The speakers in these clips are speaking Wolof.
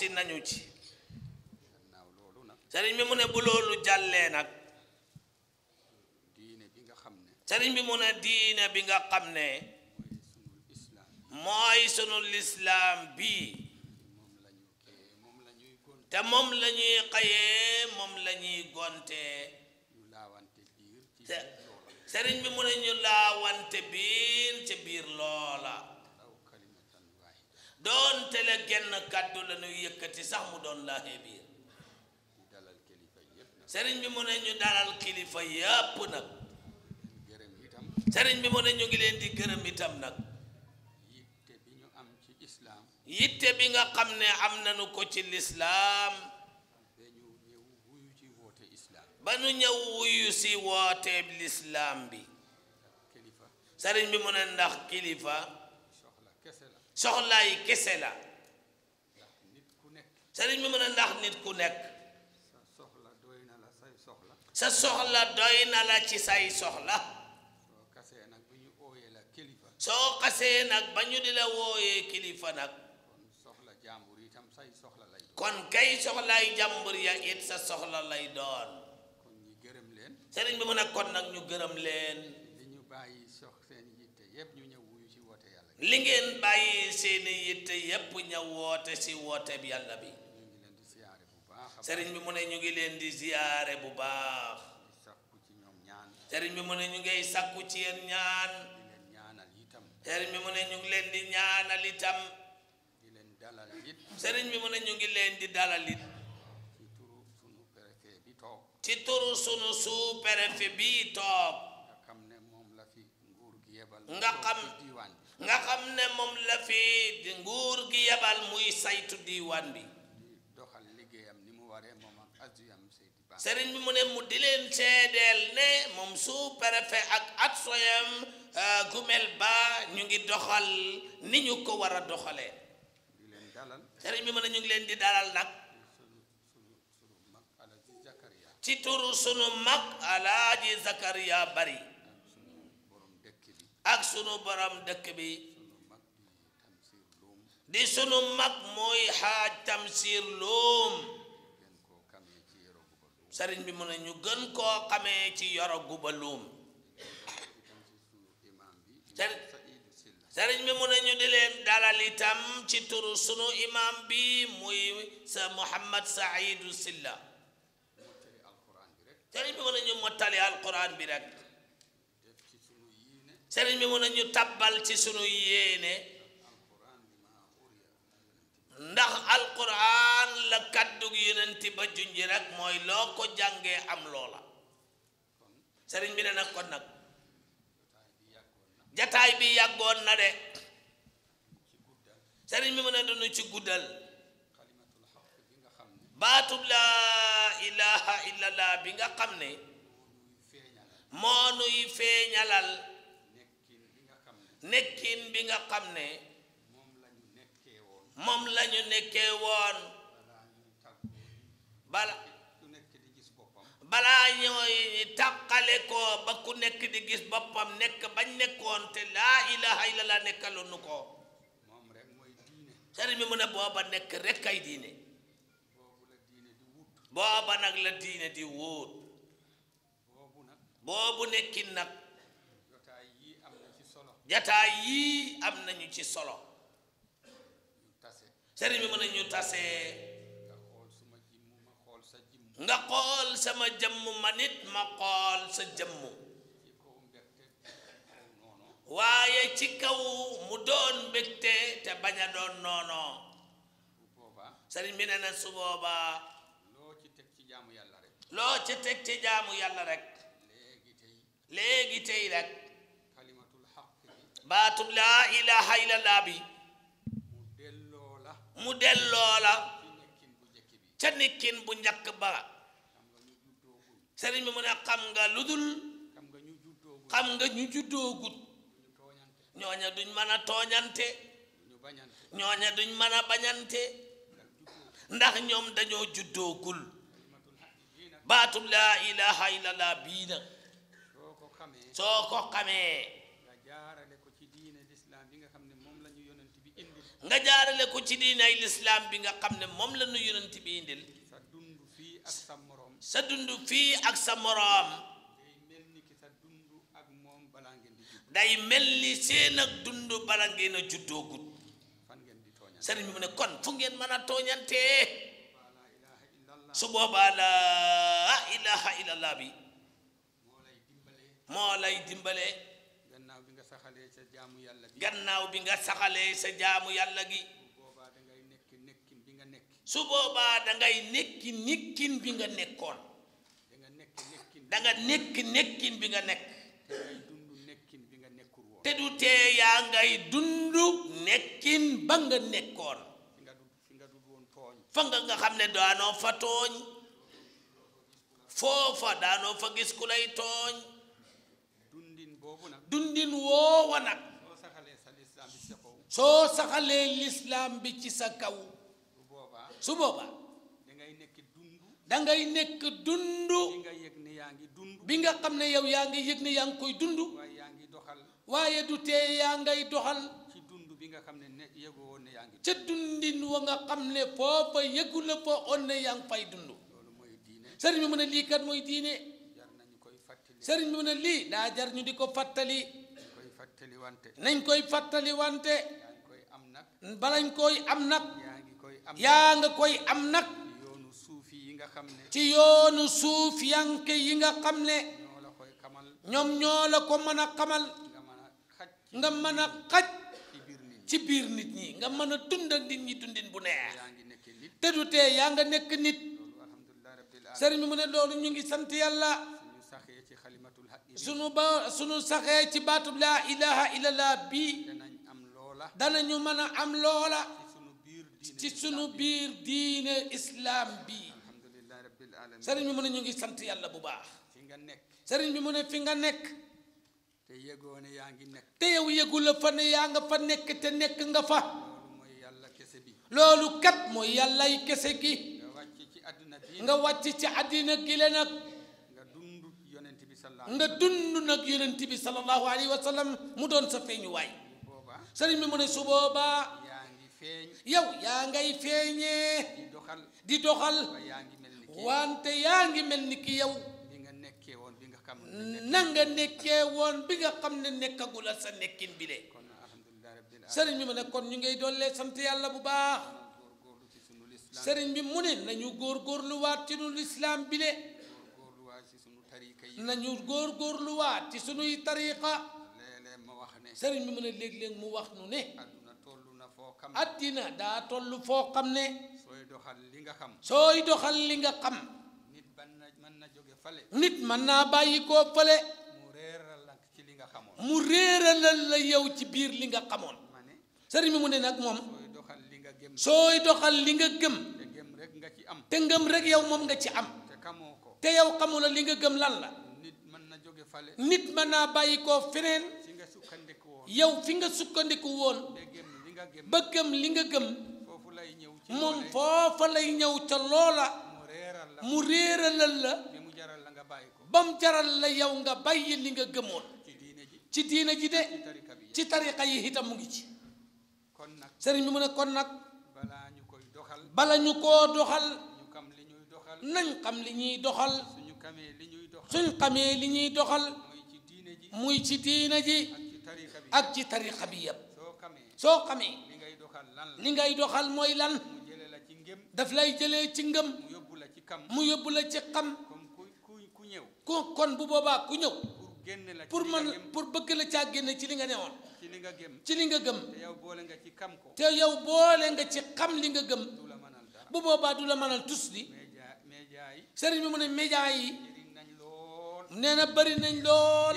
agsi nañu ci sëriñ bi mu ne bu jàllee nag sëriñ bi mu ne diine bi nga xam ne mooy sunu lislaam bi te moom la ñuy xëyee moom lañuy gonte gontee sëriñ bi mu ne ñu laawante biir ci biir loola doonte la genn kàddu la ñuy yëkkati sax mu doon laaxee biir sëriñ bi mu ne ñu dalal kilifa yépp nag sëriñ bi mu ne ñu ngi leen di gërëm itam nag yitte bi ñu am ci islaam yitte bi nga xam ne am nañu ko ci lislaam ba nu ñëw wuyu si wooteeb lislaam bi sëriñ bi mu ne ndax kilifa soxlaa kese la sëriñ bi mën a ndax nit ku nekk sa soxla doy na la ci say soxla soo xasee nag ba ñu di la wooyee kilifa nag kon kay soxlaay jàmbur ya it sa soxla lay doon sëriñ bi mën a kon nag ñu gërëm leen li ñu bàyyi sox seen yitte yépp ñu ñëw li ngeen bàyyi seeni yitte yépp ña woote si wooteeb yàlla bi sëriñ bi mu ne ñu ngi leen di ziyaare bu baax sëriñ bi mu ne ñu ngay sàkku ci ñaanal ñaan sëriñ bi mu ne ñu ngi leen di ñaanal itam sëriñ bi mu ne ñu ngi leen di dalal it ci turu sunu sous-préfet bii toog nga xam nga ne moom la fi nguur gi yebal muy saytu diiwaan bi sëriñ bi mu ne mu di leen seedeel ne moom sous-préfet ak adjoint euh, Gumel Ba ñu ngi doxal ni ñu ko war a doxalee sëriñ bi mu ne ñu ngi leen di dalal nag ci turu sunu mag alaaji Zakaria Bari ak sunu borom dëkk bi di sunu mag mooy xaaj tamsiir loom sëriñ bi mu nañu gën koo xamee ci yoro guba loom sëriñ bi mu ne ñu di leen dalal itam ci turu sunu imam bi muy sa Muhammad Saidu Silla sëriñ bi mu ne ñu mottali alquran bi rek sëriñ bi mun nañu tabbal ci sunu yéene ndax alquran la kàddug yonent ba junji rek mooy loo ko jàngee am loola sëriñ bi ne nag kon nag jataay bi yàggoon na de sëriñ bi mu ne dunu ci guddal baatub laa ilaha illallah bi nga xam ne moo nuy feeñalal nekkin bi nga xam ne moom la ñu nekkee woon bala balaa ñooy tàqale ko ba ku nekk di gis boppam nekk bañ nekkoon te laa ilaha illallah nekkaloon nu ko sëriñ bi mu ne booba nekk rek ay diine booba la diine di wóot boobu nekkin nag jataay yii am nañu ci solo sëriñ bi mën nañu tase nga xool sama jëmm ma nit ma xool sa jëmm waaye ci kaw mu doon mbégte te bañ a doon noono sëriñ bi ne na su boobaa loo ci teg ci jaamu ci jaamu yàlla rek léegi tey léegi tey rek baatub laa ilaha illallah bi mu delloo la ca nekkin bu njëkk ba sëriñ bi mu ne xam nga lu dul xam nga ñu juddoogut ñooña duñ mën a tooñante ñooña duñ mën a bañante ndax ñoom dañoo juddoogul baatub laa ilaha illallah bii nag soo ko xamee nga jaarale ko ci diinay lislaam bi nga xam ne moom la ñu yonent bi indil sa dund fii ak sa moroom day mel ni seen ak dund bala ngeen a juddoogut sëriñ bi mu ne kon fu ngeen mën a tooñantee su boobaa laa ilaha illallah bi moo lay dimbale gannaaw bi nga saxale sa jaamu yalla gi su boba da ngay nekki nekkin bi nga nekkon da nga nekk nekkin bi nga nekk te du te ya ngay dundu nekkin ba nga nekkon fa nga nga xamne daano fa togn fofa daano fa gis kulay togn dundin woowa nag soo saxalee lislaam bi ci sa kaw su boobaa dangay nekk dund bi nga xam ne yow yaa ngi yëg ne yaa ngi koy dund waaye du tee yaa ngay doxal bi nga xam ne ne yëgu woon ne yaa ngi ca dundin wa nga xam ne foofa yëgu la foo on ne yaa ngi fay dund sëriñ bi mu ne lii kat mooy diine sëriñ bi ne lii daa jar ñu di ko fàttali. nañ koy fàttali wante. nañ koy fàttali wante. balañ koy am nag. yaa nga koy am nag. ci yoonu suuf yanke yi nga xam ne. ñoom ñoo la ko mën a xamal. nga mën a xaj. ci biir nit ñi nga mën a dundal nit ñi dundin bu neex. te du tee yaa nga nekk nit. sëriñ bi mu ne loolu ñu ngi sant yàlla. saxee ci xalimatul haqi sunu ba sunu saxee ci baatub laa ilaha illallah bi danañ am loola danañu mën a am loola ci sunu biir diine islam bi alhamdulillahi rabbil alamin sëriñ bi mu ne ñu ngi sant yàlla bu baax fi nga nekk sëriñ bi mu ne fi nga nekk te yëgoo ne yaa ngi nekk te yow yëgu la fa ne yaa nga fa nekk te nekk nga fa loolu kat mooy yàllay kese gi nga wàcc ci àddina gi la nag nga dund nag yonent bi sallallahu alayhi wa sallam mu doon sa feeñuwaay sëriñ bi mu ne su boobaa yow yaa ngay feeñee di doxal wante yaa ngi mel ni ki yow na nga nekkee woon bi nga xam ne nekkagula sa nekkin bi de sëriñ bi mu ne kon ñu ngay dollee sant yàlla bu baax sëriñ bi mu ne nañu góorgóorluwaat ci nu lislaam bi de nañu góorgóorluwaat ci sunuy tariqa léeg-léeg ma wax ne sëriñ bi mu ne léeg mu wax nu ne adduna toll na kam. doxal li nga xam doxal li nga xam nit ban na jóge fale nit mën naa bàyyi koo fale mu réeral la ci li nga xamoon mu réeralal la yow ci biir li nga xamoon sëriñ bi mu ne nag moom sooy doxal li nga doxal li nga te rek nga ci am te rek yow nga ci am te te yow xamula li nga gëm lan la nit mën naa bàyyi koo feneen yow fi nga sukkandiku woon ba gëm li nga gëm moom foofa lay ñëw ca loola mu réeralal la ba mu jaral la yow nga bàyyi li nga gëmoon ci diina ji de ci tariqa yi itam mu ngi ci sëriñ bi mu ne kon nag bala ñu koo doxal nañ xam li ñuy doxal suñu xamee li ñuy doxal muy ci diina ji ak ci tariqa bi yëpp soo xamee li ngay doxal mooy lan daf lay jëlee ci ngëm mu yóbbu la ci xam ku kon bu boobaa ku ñëw pour man pour bëgg la caa génne ci li nga newoon ci li nga gëm ci li nga gëm te yow boole nga ci xam ko yow boole nga ci xam li nga gëm bu boobaa du la mënal tus li sëriñ bi mu ne média yi nee na bëri nañ lool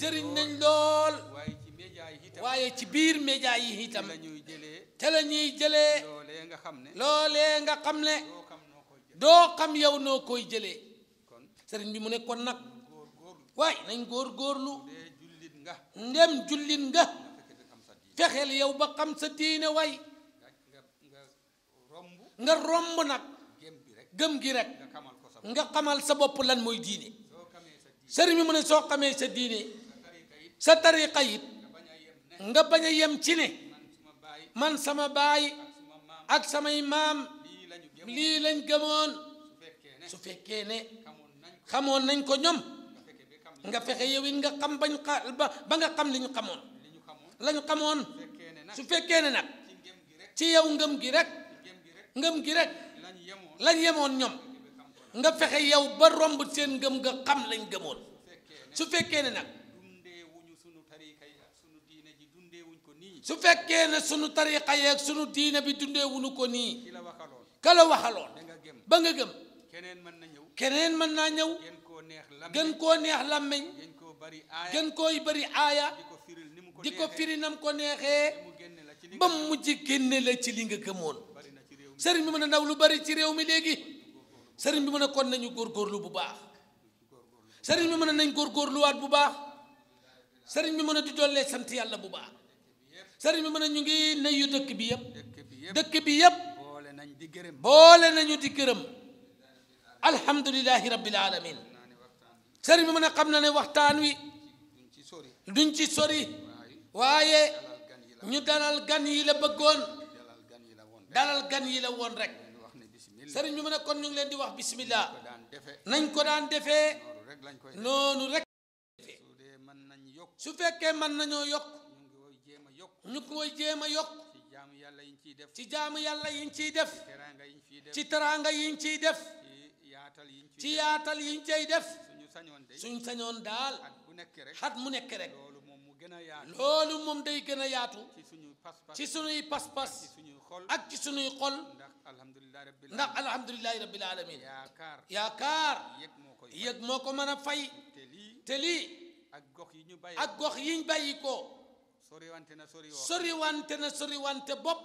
jëriñ nañ lool waaye ci biir média yi itam te la ñuy jëlee loolee nga xam ne doo xam yow noo koy jëlee sëriñ bi mu ne kon nag waaye nañ góor góorlu ndem jullit nga fexeel yow ba xam sa diine way nga romb nag gëm gi rek nga xamal sa bopp lan mooy diine sa bi mu ne soo xamee sa diine sa tariqa it nga bañ a yem ci man sama baay ak samay maam lii lañ gëmoon su fekkee ne xamoon nañ ko ñoom nga fexe yow nga xam bañ xa ba ba nga xam li ñu xamoon la ñu xamoon su fekkee ne nag ci yow ngëm gi rek ngëm gi rek lañ yemoon ñoom nga fexe yow ba romb seen gëm nga xam lañ gëmoon su fekkee ne nag su fekkee ne sunu tariqa yeeg sunu diine bi dundee ko nii ka la waxaloon ba nga gëm keneen mën naa ñëw gën koo neex làmmiñ gën koy bari aaya di ko firi nam ko neexee ba mujj génne la ci li nga gëmoon sëriñ bi mën a ndaw lu bari ci réew mi léegi sëriñ bi mën a kon nañu góorgóorlu bu baax sëriñ bi mën a nañ góorgóorluwaat bu baax sëriñ bi mën a di dollee sant yàlla bu baax sëriñ bi mën a ñu ngi nayu dëkk bi yëpp dëkk bi yëpp boole nañu di gërëm alhamdulilahi rabbil alamin sëriñ bi mën a xam na ne waxtaan wi duñ ci sori waaye ñu dalal gan yi la woon dalal gan yi la woon rek sëriñ bi mu ne kon ñu ngi leen di wax bismillah nañ ko daan defee noonu rek su fekkee mën nañoo yokk ñu koy jéem a yokk ci jaamu yàlla yiñ ciy def ci teraanga yiñ ciy def ci yaatal yiñ ciy def suñ sañoon daal xat mu nekk rek loolu moom day gën a yaatu ci suñuy pas-pas ak ci suñuy xol ndax alhamdulilahi rabbil alamin yaakaar yëg moo ko mën a fay te lii ak gox yi ñu bàyyi ko soriwante na soriwante na soriwante bopp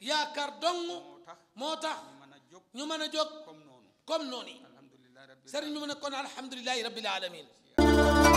yaakaar dong moo tax ñu mën a jóg comme noonu sëriñ bi mu ne kon alhamdulilahi rabbil alamin